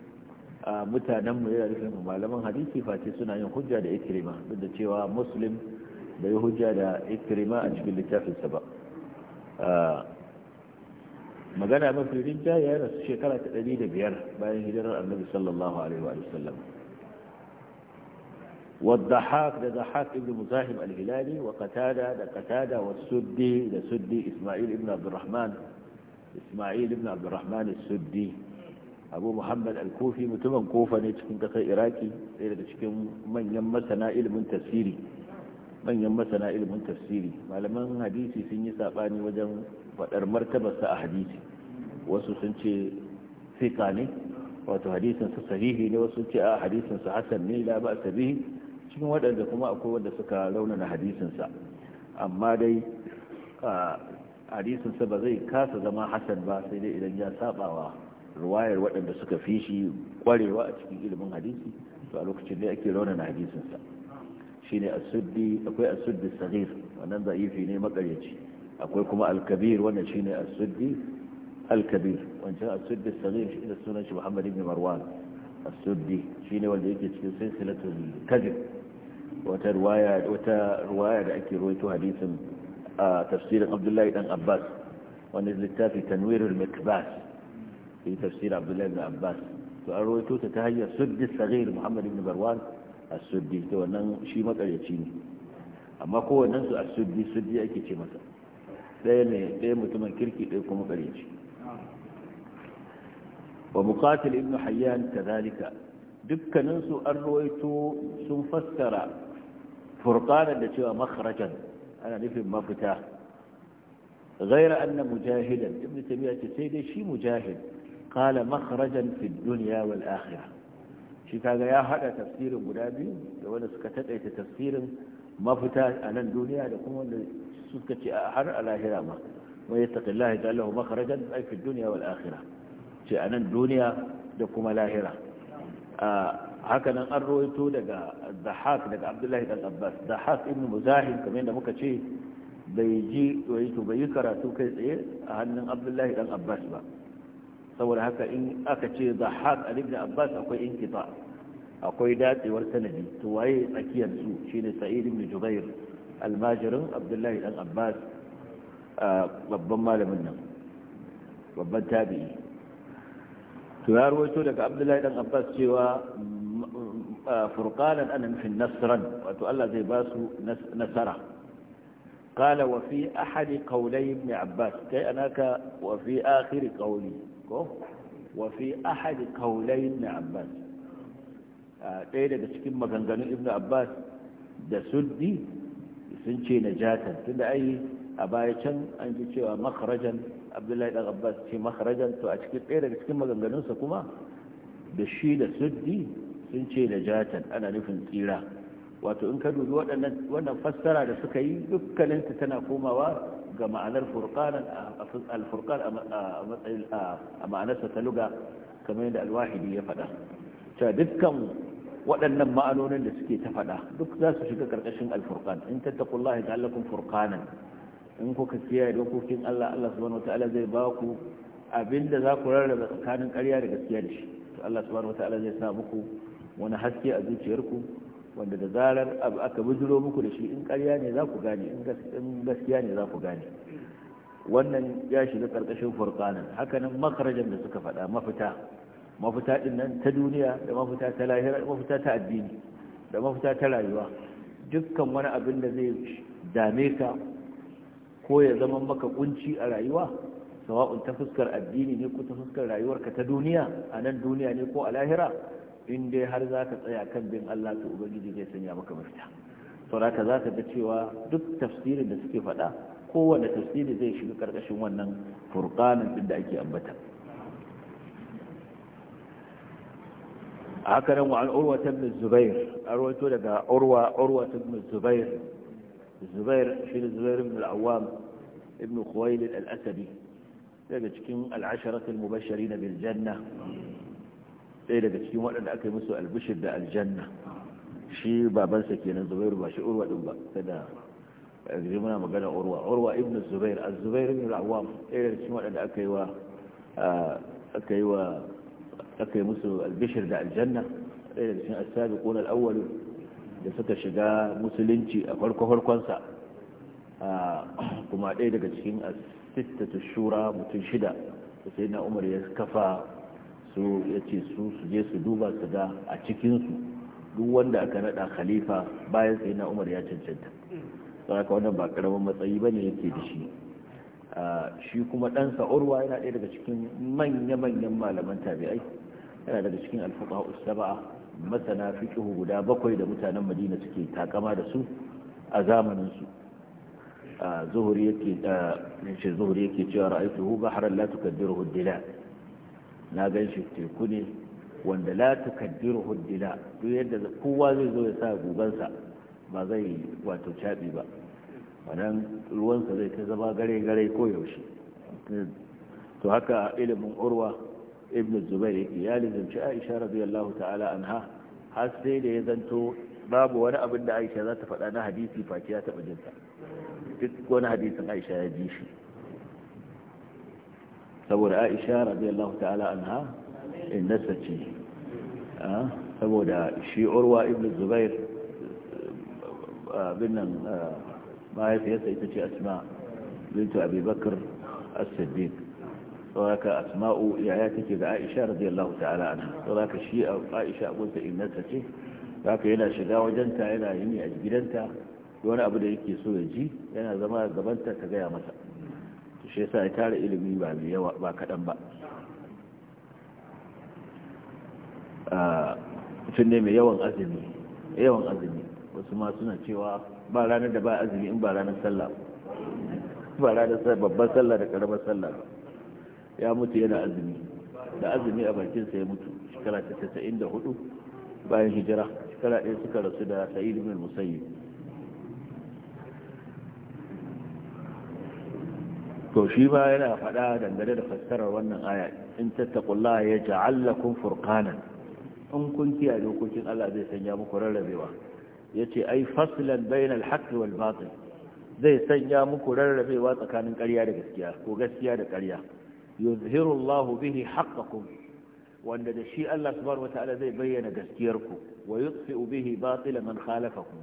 mutanenmu yana nufin malaman hadisi face suna yin hujja da ikirima duk da cewa muslim bai hujja da ikirima a cikin littafinsa ba magana mafi rinja ya rasu shekara ta ɗari da biyar bayan hijirar annabi sallallahu والضحاك ده ضحاك ابن مزاحم الهلالي وقتادة ده قتادة والسدي ده سدي إسماعيل ابن عبد الرحمن إسماعيل ابن عبد الرحمن السدي أبو محمد الكوفي متمن كوفة نتكين كسر إراكي إلى تشكين من يمسنا من تفسيري من يمسنا علم تفسيري ما لمن حديثي سني ساباني وجن فدر مرتبة سأحديثي سنتي ثقاني وتو حديثا sahihi ne wasu ce حديثا hadisinsa hasan ne la cikin waɗanda kuma akwai wanda suka raunana hadisinsa amma dai hadisinsa ba zai kasa zama hasan ba sai dai idan ya sabawa ruwayar waɗanda suka fi shi ƙwarewa a cikin ilimin hadisi to a lokacin dai ake raunana hadisinsa shi asuddi akwai asuddi sahir wannan za'ifi ne makaryaci akwai kuma alkabir wannan shi ne asuddi alkabir wancan asuddi sahir shi ne sunan shi Muhammad ibn Marwan asuddi ne wanda yake cikin silatun kajin. wata ruwaya wata ruwaya da ake ruwaito hadisin a tafsirin Abdullahi dan Abbas wani littafi tanwirul mikbas fi tafsir Abdullahi dan Abbas to an ruwaito ta ta hanyar suddi saghir Muhammad ibn Barwan as-suddi to wannan shi makaryaci ne amma kowannen su as-suddi suddi ake ce masa ɗaya ne ɗaya mutumin kirki ɗaya kuma ƙaryaci wa muqatil ibn hayyan kadhalika dukkaninsu an ruwaito sun fassara furqanan da cewa makharajan ana nufin mafita ghaira anna mujahidan ibn tabi'a ce sai dai shi mujahid qala makharajan fi dunya wal akhirah shi kaga ya hada tafsirin guda biyu da wanda suka tadaita tafsirin mafita a nan duniya da kuma wanda suka ce har a lahira ma wai yattaqillahi ta'ala lahu makharajan fi dunya wal akhirah ce a nan duniya da kuma lahira ah, haka nan an rawaito daga dahak daga abdullahi dan abbas dahak ibn muzahim kamar da muka ce bai ji wato bai yi karatu kai tsaye a hannun abdullahi dan abbas ba saboda haka in aka ce dahak a ibn abbas akwai inkita akwai datsewar sanadi to waye tsakiyar su shine sa'id ibn jubair almajirin abdullahi dan abbas babban malamin nan babban tabi'i to ya rawaito daga abdullahi dan abbas cewa furqanan ana nufin nasran wato Allah zai ba su nasara Kala قال وفي أحد قولي ابن عباس كي أناك وفي آخر قولي وفي أحد قولي ابن عباس ɗaya daga cikin maganganun ibn abbas da suddi sun ce na jatan tunda ayi a baya can an ji cewa makarajan abdullahi ɗan abbas ce makarajan to a cikin ɗaya daga cikin maganganunsa kuma da shi da suddi sun ce da jatan ana nufin tsira wato in ka dubi wannan fassara da suka yi dukkaninta tana komawa ga ma'anar furqanan al a ma'anarsa ta luga kamar yadda ya faɗa Ta dukkan waɗannan ma'anonin da suke ta faɗa duk za su shiga ƙarƙashin alfurkan. furqan in tattaqullaha ta'allakum furkanan. in kuka kiyaye dokokin Allah Allah subhanahu zai ba ku abinda za ku rarraba tsakanin ƙarya da gaskiya da shi to Allah subhanahu zai sa muku wani haske a zuciyarku wanda da zarar aka bijiro muku da shi in karya ne za ku gane in gaskiya ne za ku gane wannan ya shiga ƙarƙashin furqanan hakanan makarajan da suka faɗa mafita mafita din nan ta duniya da mafita ta lahira da mafita ta addini da mafita ta rayuwa dukkan wani abin da zai dame ka ko ya zama maka kunci a rayuwa sawa'un ta fuskar addini ne ko ta fuskar rayuwarka ta duniya a nan duniya ne ko a lahira in dai har za ka tsaya kan bin Allah to ubangiji zai sanya maka mafita sauraka za ka ga cewa duk tafsirin da suke faɗa kowane tafsiri zai shiga ƙarƙashin wannan furƙanin ɗin da ake ambata haka nan wa'an urwa ta bin zubair a rawaito daga urwa urwa ta bin zubair zubair shi ne zubair bin al'awam ibn khuwailid al daga cikin al'asharatul mubashari na biljanna ɗaya daga cikin waɗanda aka yi musu albishir da aljanna shi babansa kenan zubairu ba shi urwa ɗin ba kada yanzu muna magana urwa urwa ibn zubair a Zubairu ibn al-awwam ɗaya daga cikin waɗanda aka yi wa aka yi wa aka yi musu albishir da aljanna ɗaya daga cikin as-sabiqun al-awwal da suka shiga musulunci a farko farkonsa kuma ɗaya daga cikin as-sittatu shura mutum shida sai na umar ya kafa su ya ce su su je su duba su ga a cikinsu duk wanda aka naɗa khalifa bayan sai na umar ya cancanta saboda wannan ba karamin matsayi ba ne yake da shi shi kuma ɗansa urwa yana ɗaya daga cikin manya-manyan malaman tabi'ai yana daga cikin alfuka usaba masana fiƙihu guda bakwai da mutanen madina suke takama da su a zamaninsu zuhuri yake cewa ra'aytuhu bahran la tukaddiruhu hudila na gan shi teku ne wanda la tukaddiru huddila duk yadda kowa zai zo ya sa gugansa ba zai wato caɓi ba wannan ruwansa zai ta zama gare gare ko yaushe to haka ilimin urwa ibn zubair yake ya lizanci aisha radiyallahu ta'ala anha har sai da ya zanto babu wani abin da aisha za ta faɗa na hadisi face ya taɓa jinta duk wani hadisin aisha ya ji shi saboda aisha radiyallahu ta'ala an ha innasa ce ah, saboda shi urwa ibn zubair abin nan ah, mahaifiyarsa ita ce asma bintu abubakar as-siddiq sauraka asma'u yaya take ga aisha radiyallahu ta'ala an ha sauraka shi aisha abunta innasa ce zaka yana shiga wajenta yana yini a gidanta wani abu da yake so ya ji yana zama gabanta ta gaya masa shi yasa ya tara ilimi ba mai yawa ba kaɗan ba mutum ne mai yawan azumi yawan azumi wasu ma suna cewa ba ranar da ba azumi in ba ranar sallah ba ranar babban sallah da karamar sallah ya mutu yana azumi da azumi a bakinsa ya mutu shekara ta 94 bayan hijira shekara ɗaya suka rasu da sa'id ibn musayyib to shi ma yana faɗa dangane da fassarar wannan aya in tattaqullaha ya lakum furkanan. in kun kiyaye dokokin Allah zai sanya muku rarrabewa ce ai faslan bainal haqqi wal batil zai sanya muku rarrabewa tsakanin ƙarya da gaskiya ko gaskiya da ƙarya yuzhiru Allahu bihi haqqakum wanda da shi Allah subhanahu wataala zai bayyana gaskiyarku wa yutfi'u bihi batila man khalafakum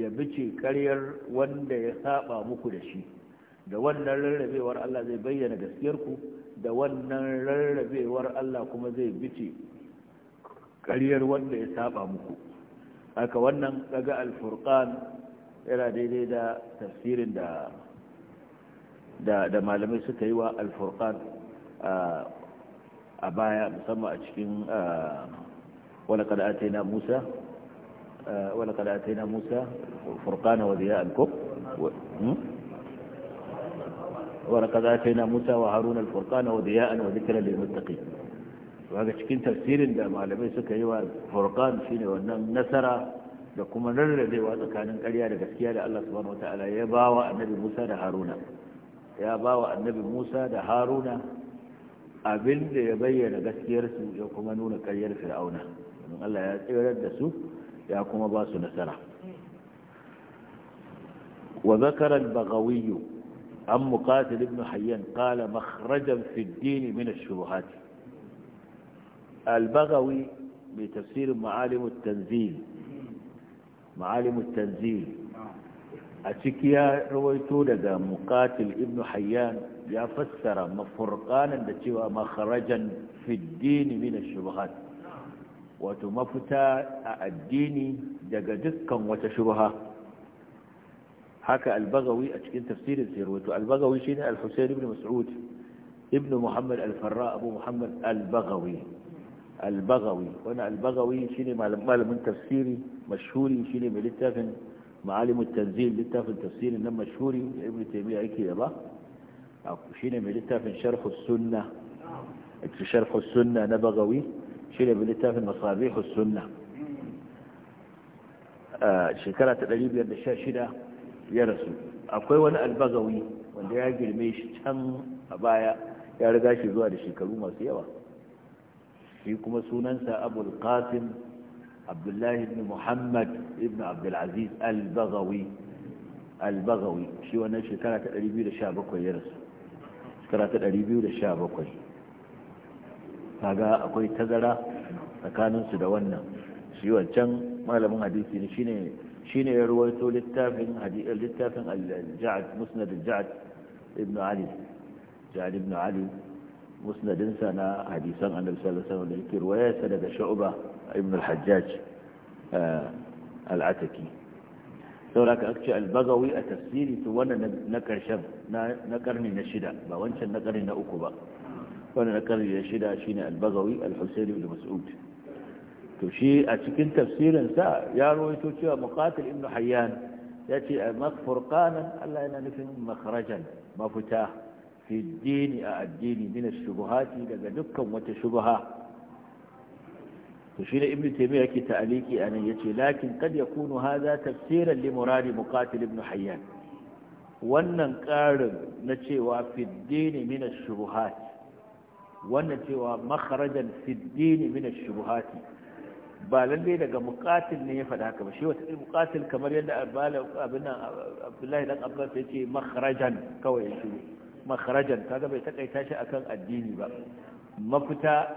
ya bice ƙaryar wanda ya saba muku da shi da wannan rarrabewar Allah zai bayyana gaskiyarku da wannan rarrabewar Allah kuma zai bice ƙaryar wanda ya saba muku aka wannan daga alfurkan yana daidai da tafsirin da da, da malamai suka yi wa alfurkan a baya musamman a cikin ولقد a موسى ولقد آتينا موسى فرقانا وذياء الكفر na ولقد آتينا موسى وهارون الفرقان وضياء وذكرا للمتقين وهذا cikin tafsirin da malamai suka yi wa furqan shine wannan nasara da kuma rarrabewa tsakanin ƙarya da gaskiya da Allah subhanahu ya bawa annabi Musa da Haruna ya bawa annabi Musa da Haruna abin da ya bayyana gaskiyarsu ya kuma nuna ƙaryar Fir'auna don Allah ya tsirar da su ya kuma basu nasara wa zakara al-baghawi عن مقاتل ابن حيان قال مخرجا في الدين من الشبهات البغوي بتفسير معالم التنزيل معالم التنزيل أتكيا رويتو لدى مقاتل ابن حيان يا فسر مفرقانا دتيوا مخرجا في الدين من الشبهات وتمفتا الدين دكا وتشبهات حكى البغوي اتكين تفسير الزيرويت البغوي شين الحسين بن مسعود ابن محمد الفراء ابو محمد البغوي البغوي وانا البغوي شين مال من تفسيري مشهوري شين ملتافن معالم التنزيل ملتافن تفسيري انما مشهوري ابن تيمية ايكي يبا شين ملتافن شرح السنة في شرح السنة نبغوي شين ملتافن مصابيح السنة آه، شكرا تقليبي ان الشاشرة ya rasu akwai wani albagawi wanda ya girme shi can a baya ya riga shi zuwa da shekaru masu yawa shi kuma sunansa abul qasim abdullahi ibn muhammad ibn abdulaziz al albagawi shi wannan shekara ta 217 ya rasu shekara ta 217 kaga akwai tazara tsakaninsu da wannan shi wancan malamin hadisi ne shine شين يرويته للتافن للتافن الجعد مسند الجعد ابن علي جعد ابن علي مسند سنة حديثا عن النبي صلى الله عليه وسلم رواية سند شعبة ابن الحجاج آه، العتكي ثورك أكتش البغوي التفسير توانا نكر شب نكر من نشدة ما وانش نكر نأكبا وانا نكر نشدة شين البغوي الحسين بن مسعود to shi a cikin tafsirinsa ya rawaito cewa muqatil ibn hayyan ya ce a makfurqanan Allah yana nufin makharajan mafita fi dini a addini min shubuhati daga dukkan wata shubha to shi ne ibn taymiya yake ta'aliki anan yace lakin kad yakunu hadha tafsiran li muradi muqatil ibn hayyan wannan ƙarin na cewa fiddini mina shubuhati wannan cewa makarajan fiddini mina shubuhati ba lalle daga muqatil ne ya faɗa haka ba shi wata muqatil kamar yadda abin nan abdullahi dan abbas ya ce makharajan kawai ya shiru makharajan kaga bai takaita shi akan addini ba mafita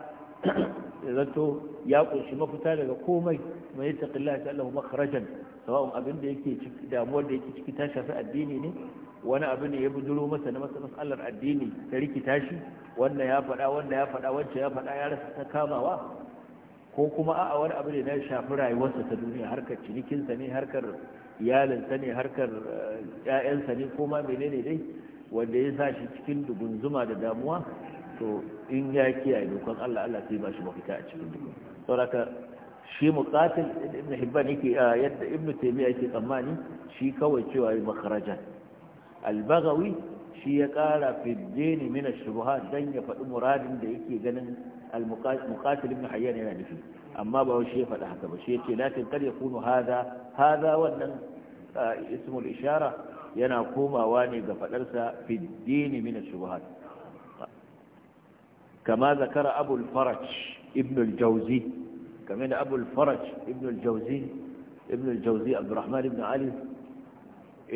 zato ya kunshi mafita daga komai mai taqillahi ta Allah makharajan sawa'un abin da yake ciki damuwar da yake ciki ta shafi addini ne wani abin ne ya buduro masa na masalar addini ta rikita shi wannan ya faɗa wannan ya faɗa wancan ya faɗa ya rasa ta kamawa ko kuma a wani abu ne na shafi rayuwarsa ta duniya harkar cinikinsa ne harkar iyalinsa ne harkar eh, ƴaƴansa ne ko ma menene dai wanda ya sa shi cikin zuma da damuwa to in ya kiyaye dokan Allah Allah sai ba shi mafita a cikin dugun saboda shi muqatil ibn hibban yake eh, yadda ibn taymiya yake tsammani shi kawai cewa yi makharajan al-baghawi shi ya kara fi dini min ash-shubuhat dan ya faɗi muradin da yake ganin المقاتل ابن حيان يعني فيه أ م ا ب ه ش لكن قد يكون هذا هذا ودن آه، اسم الإشارة يناقوم اواني قفلرس في الدين من الشبهات كما ذكر أبو الفرج ابن الجوزي كما ذكر أبو الفرج ابن الجوزي ابن الجوزي عبد الرحمن بن علي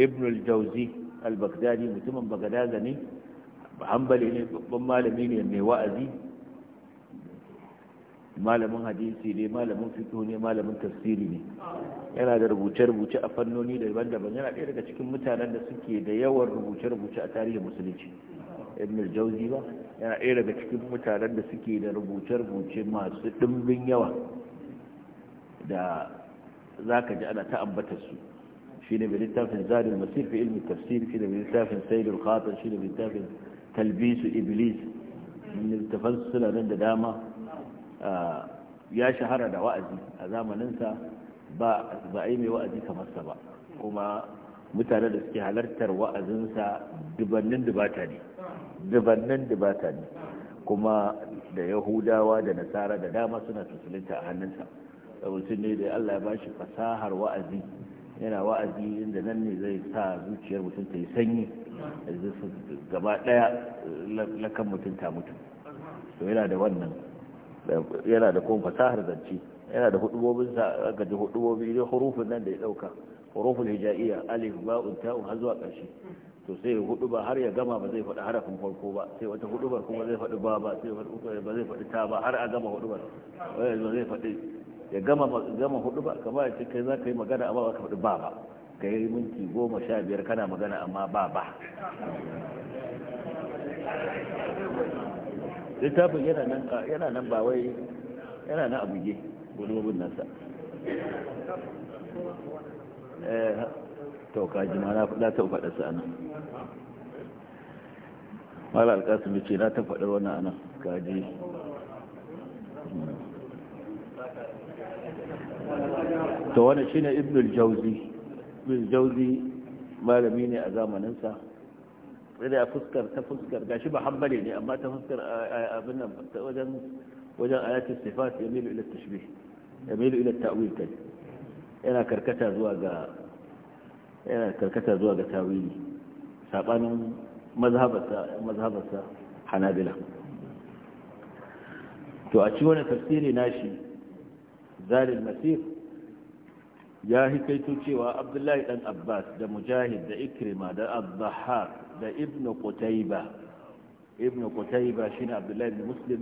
ابن الجوزي البغدادي متمم بغدادني حنبل بمال مين النواء يعني ذي malamin hadisi ne malamin fito ne malamin tafsiri ne yana da rubuce-rubuce a fannoni daban-daban yana ɗaya daga cikin mutanen da suke da yawan rubuce-rubuce a tarihin musulunci ibn al-jawzi ba yana ɗaya daga cikin mutanen da suke da rubuce-rubuce masu ɗimbin yawa da za ka ji ana ta ambatar su shi ne bai littafin zadin masir fi ilmi tafsiri shi ne bai littafin sayyidul khatar shi ne bai littafin talbisu iblis littafan suna nan da dama ya shahara da wa'azi a zamaninsa ba a yi mai wa'azi kamar sa ba kuma mutane da suke halartar wa'azinsa dubannin dubata ne dubannin dubata ne kuma da yahudawa da nasara da dama suna musulunta a hannunsa sun ne da Allah ya bashi fasahar wa'azi yana wa'azi inda nan ne zai sa zuciyar mutum ta yi sanyi gaba daya lakan mutum ta mutu to yana da wannan yana da kuma fasahar zance yana da sa aka ji hudubobi da hurufin nan da ya dauka hurufin hijaiya alif ba ba'un ta'un har zuwa ƙarshe to sai ya hudu ba har ya gama ba zai faɗi harafin farko ba sai wata hudubar kuma zai faɗi ba ba sai ba zai faɗi ta ba har a gama hudubar ba zai faɗi ya gama gama hudubar kamar ya ce kai za ka yi magana amma ba ka faɗi ba ba ka yi minti goma sha biyar kana magana amma ba ba littafin yana nan ba wai yana nan abuge wani mabin nasa eh, to kaji ma na ta faɗa sa nan mala alƙasim ce na ta fada wannan anan kaji to wani shine ibnul jauzi ibnul jauzi malami ne a zamaninsa sai a fuskar ta fuskar gashi ba hanbali ne amma ta fuskar abin nan wajen wajen ayatul sifat ya milu ila tashbih milu ila ta'wil kai yana karkata zuwa ga yana karkata zuwa ga tawili sabanin mazhabarsa mazhabarsa hanabila to a cikin wannan tafsiri nashi zalil masih ya hikaito cewa abdullahi dan abbas da mujahid da ikrima da abdahar da ibn qutayba ibn qutayba shine abdullahi ibn muslim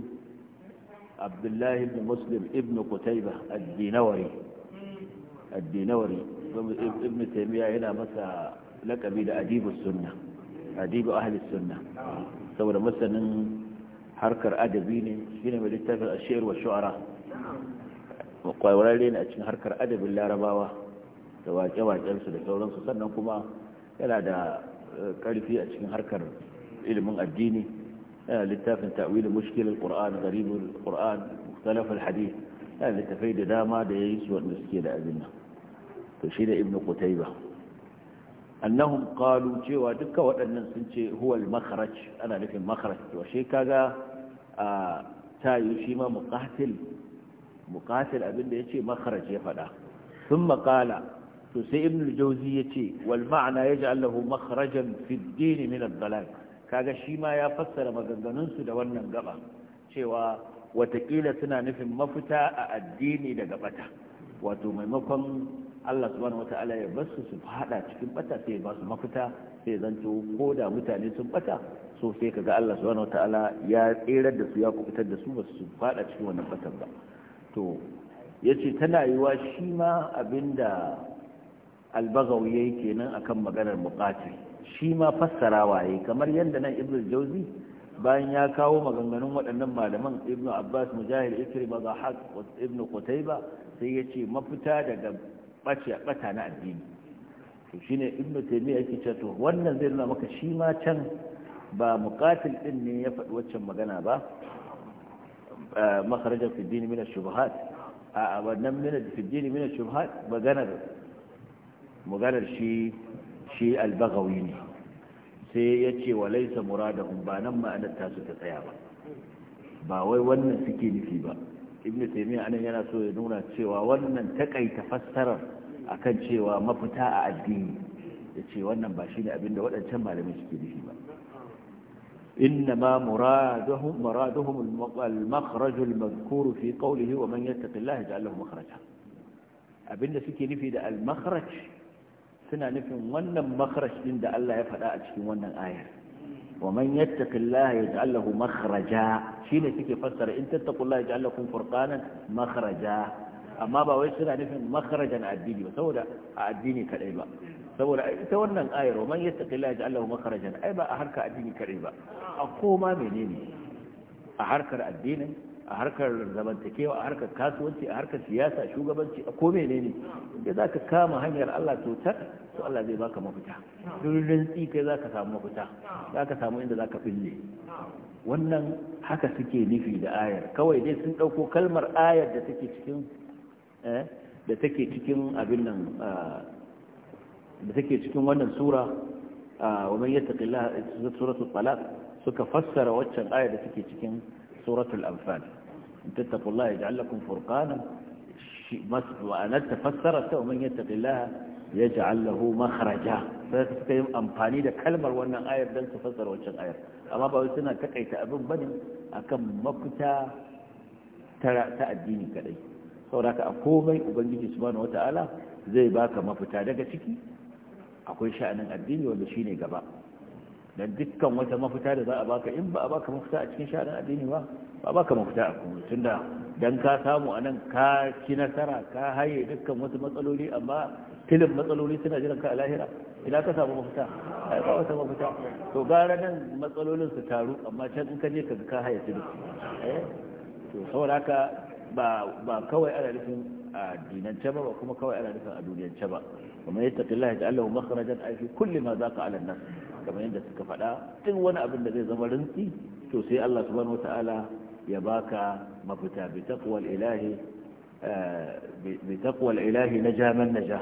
abdullahi ibn muslim ibn qutayba ad-dinawari ad-dinawari ibn taymiya yana masa lakabi da adibu sunna adibu ahli sunna saboda masanin harkar adabi ne shine mai littafin ash-shi'r wa shu'ara kwararre ne a cikin harkar adabin larabawa da waƙe-waƙensu da sauransu sannan kuma yana da eh, ƙarfi a cikin harkar ilimin addini yana littafin ta'wilin mushkilin ƙur'an garibin ƙur'an muktalafin hadith yana littafai da dama da ya yi su wanda suke da abin nan to shi da ibn qutayba annahum qalu cewa duka waɗannan sun ce huwal makarac ana nufin makarac to shi kaga a ah, tayi shi ma mukatil muqatil abinda ce makharaj ya fada sun makala to sai ibn al-jawzi wal ma'ana ya ji makhrajan fi fiddini din min kaga shi ma ya fassara maganganunsu da wannan gaba cewa watakila suna nufin mafita a addini daga bata wato maimakon Allah subhanahu ya bar su su fada cikin bata sai ya ba su mafita sai zanto ko da mutane sun bata so sai kaga Allah subhanahu ya tsere da su ya kubutar da su ba su fada cikin wannan batan ba to ya ce tana wa shi ma abinda albagawi ya yi kenan a kan maganar muƙatil shi ma fassarawa ya kamar yadda nan ibn jauzi bayan ya kawo maganganun waɗannan malaman ibn abbas mujahid maza haq ibn qutayba sai ya ce mafita daga bace ɓata na addini to ne ibn taimi ya ke to wannan zai nuna maka shi ma can ba mukatil din ne ya faɗi waccan magana ba makharajan fi dini min ash-shubuhat a wannan min fi dini maganar maganar shi shi al ne sai ya ce wa laisa muradahum ba nan ma'anar ta su ta tsaya ba ba wai wannan suke nufi ba ibnu taymiya anan yana so ya nuna cewa wannan taƙaita fassarar akan cewa mafita a addini ya ce wannan ba shine abinda waɗancan malamai suke nufi ba إنما مرادهم, مرادهم المخرج المذكور في قوله ومن يتق الله يجعل له مخرجا abinda suke nufi da al-makhraj suna nufin wannan makhraj din da Allah ya faɗa a cikin wannan ayar wa man yattaqillaha yaj'al lahu makhraja shine suke fassara in tattaqullaha yaj'al lakum furqanan amma ba wai suna nufin makhrajan addini ba saboda a addini kadai ba saboda ita wannan ayar man yattaqilla laji Allahu makarajan ai ba a harkar addini kare ba a koma menene a harkar addini a harkar zamantakewa a harkar kasuwanci a harkar siyasa shugabanci a ko menene da ka kama hanyar Allah to to Allah zai baka mafita durin kai zaka samu mafita za ka samu inda za ka fille wannan haka suke nufi da ayar kawai dai sun ɗauko kalmar ayar da take cikin eh, da take cikin abin nan ah, da take cikin wannan sura wa man yattaqillah suratul talaq suka fassara waccan ayar da take cikin suratul anfal in tattaqullaha yaj'al lakum furqana ma'anar ta fassara ta wa man yattaqillaha yaj'al lahu makhraja sai suka yi amfani da kalmar wannan ayar dan su fassara waccan ayar amma ba wai suna takaita abin bane akan mafita ta addini kadai da ka a komai ubangiji subhanahu wata'ala zai baka mafita daga ciki akwai sha'anin addini wanda shi ne gaba don dukkan wata mafita da za a baka in ba a baka mafita a cikin sha'anin addini ba ba baka mafita a kuma da don ka samu a nan ka ci nasara ka haye dukkan wata matsaloli amma tilin matsaloli suna jiran ka a lahira ina ka samu mafita a yi wata mafita to gara nan matsalolin su taru amma can in ka je ka ka haye tilin eh? to saboda haka ba ba kawai ana nufin a dinance ba ba kuma kawai ana nufin a duniyance ba ومن يتق الله يجعل له مخرجا اي في كل ما ذاق على الناس كما عند الكفلاء تن وانا ابن الذي زما رزقي تو سي الله سبحانه وتعالى يا يباك مفتا بتقوى الاله آه، بتقوى الاله نجا من نجا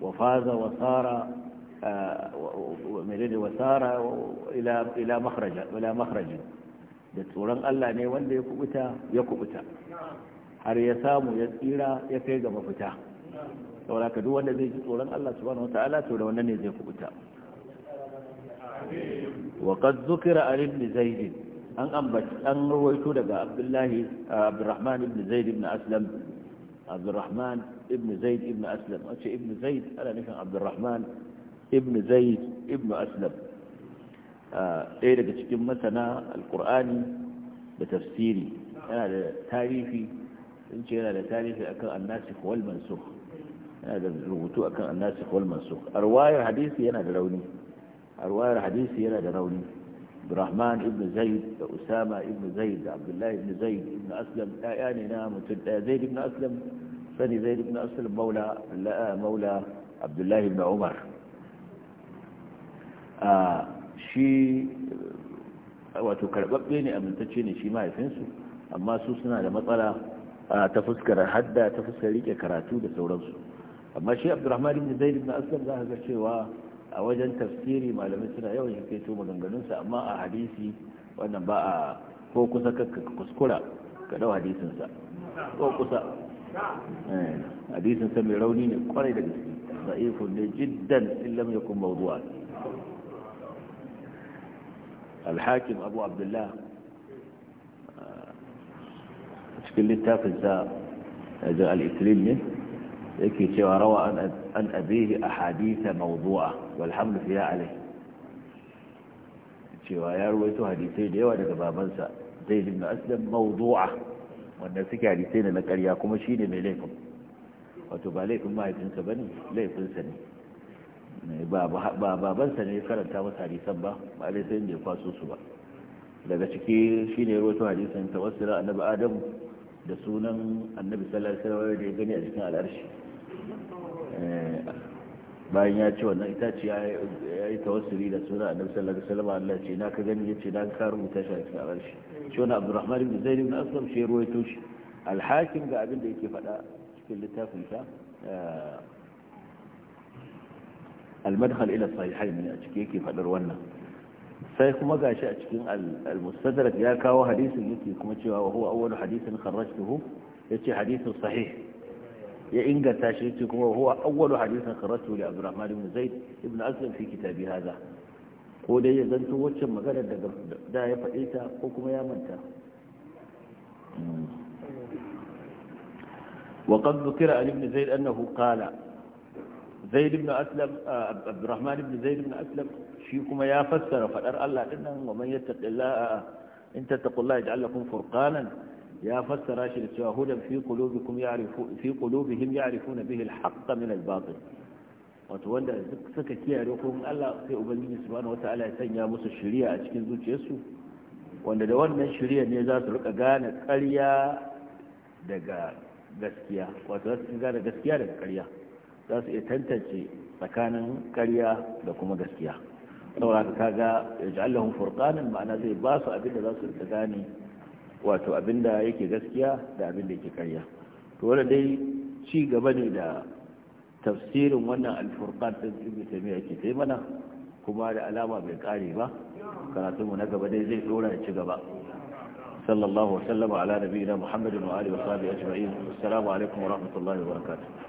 وفاز وصار آه، ومريد وصار الى الى مخرج الى مخرج دتورن الله ne wanda ya kubuta ya har ya samu ya tsira ya kai ga mafita saboda ka duk wanda zai ji tsoron Allah subhanahu wataala to da wannan ne zai kubuta wa qad zukira ali ibn zaid an ambaci an ruwaito daga abdullahi abdurrahman ibn zaid ibn aslam abdurrahman ibn zaid ibn aslam wace ibn zaid ala nufin abdurrahman ibn zaid ibn aslam ɗaya daga cikin masana alqur'ani da tafsiri yana da tarihi sun ce yana da tarihi akan annasi wal mansukh هذا الرغوتو أكن الناسخ والمنسوخ الرواية الحديثي أنا دروني الرواية الحديثي أنا دلوني برحمن ابن زيد أسامة ابن زيد عبد الله ابن زيد ابن أسلم يعني نام آه، زيد ابن أسلم ثاني زيد ابن أسلم مولى لا آه، مولى عبد الله ابن عمر آه، شي وتكرب بيني أمن تتشيني شي ما يفنسو أما سوسنا لمطلع تفسكر حدا تفسكر ليك كراتو بسورة بسورة amma shi abdurrahman ibn zaid ibn aslam za ga cewa a wajen tafsiri malamai suna yawan shi kaito maganganunsa amma a hadisi wannan ba a ko kusa ka kuskura ka dau hadisinsa ko kusa eh, hadisinsa mai rauni ne kwarai da gaske sa'ifun ne jiddan illam yakun mawdu'a al alhakim abu abdullah eh, cikin littafinsa da al-ikrim ne yake cewa rawa an abihi a haditha mawdu'a walhamdu fiya alai cewa ya ruwaito hadisai da yawa daga babansa zai jimna aslan mawdu'a wanda suke hadisai da na karya kuma shi ne mai laifin wato ba laifin mahaifinsa ba ne laifinsa ne ba babansa ne karanta masa hadisan ba ba laifin da ya kwaso su ba daga ciki shi ne ruwaito hadisan tawassula annabi adamu da sunan annabi sallallahu alaihi wasallam da ya gani a cikin al'arshi eh, bayan ya ce wannan ita ce ya yi tawassuli da sunan annabi sallallahu alaihi wasallam Allah ce na ka gani yace na ka rubuta shi a cikin al'arshi shi wannan Abdurrahman ibn Zaid ibn Aslam shi ruwaito shi al-Hakim ga abin da yake faɗa cikin littafin sa eh, al-Madkhal ila sahihain ne a cikin yake faɗar wannan sai kuma gashi a cikin al-mustadrak ya kawo hadisin yake kuma cewa wa huwa awwalu hadisin kharrajtuhu yace hadisin sahih ya inganta shi yace kuma huwa awwalu hadisin kharrajtuhu li Abdurrahman ibn Zaid ibn Aslam fi kitabi hadha ko dai ya zanto wacce magana daga da ya faɗe ta ko kuma ya manta وقد ذكر عن ابن زيد أنه قال zaid ibn aslam abdurrahman ibn zaid ibn aslam shi kuma ya fassara fadar Allah din nan wa man yattaqillaha in tattaqullaha yaj'al lakum furqanan ya fassara shi da cewa hudan fi qulubikum ya'rifu fi qulubihim ya'rifuna bihi al-haqq min al-batil wato wanda suka kiyaye hukumin Allah sai ubangiji subhanahu wata'ala ya sanya musu shari'a a cikin zuciyarsu wanda da wannan shari'a ne za su rika gane ƙarya daga gaskiya wato za su gane gaskiya daga ƙarya za su iya tantance tsakanin ƙarya da kuma gaskiya saboda ka kaga ya ji allahun furqanan ma'ana zai ba su abin da za su rika gane wato abin da yake gaskiya da abin da yake ƙarya to wanda dai ci gaba ne da tafsirin wannan alfurqan ɗin ibnu taymiya yake mana kuma da alama bai kare ba karatun mu na gaba dai zai dora ya ci gaba sallallahu alaihi wa sallam ala nabiyina muhammadin wa alihi wa sahbihi ajma'in assalamu alaikum wa rahmatullahi wa barakatuh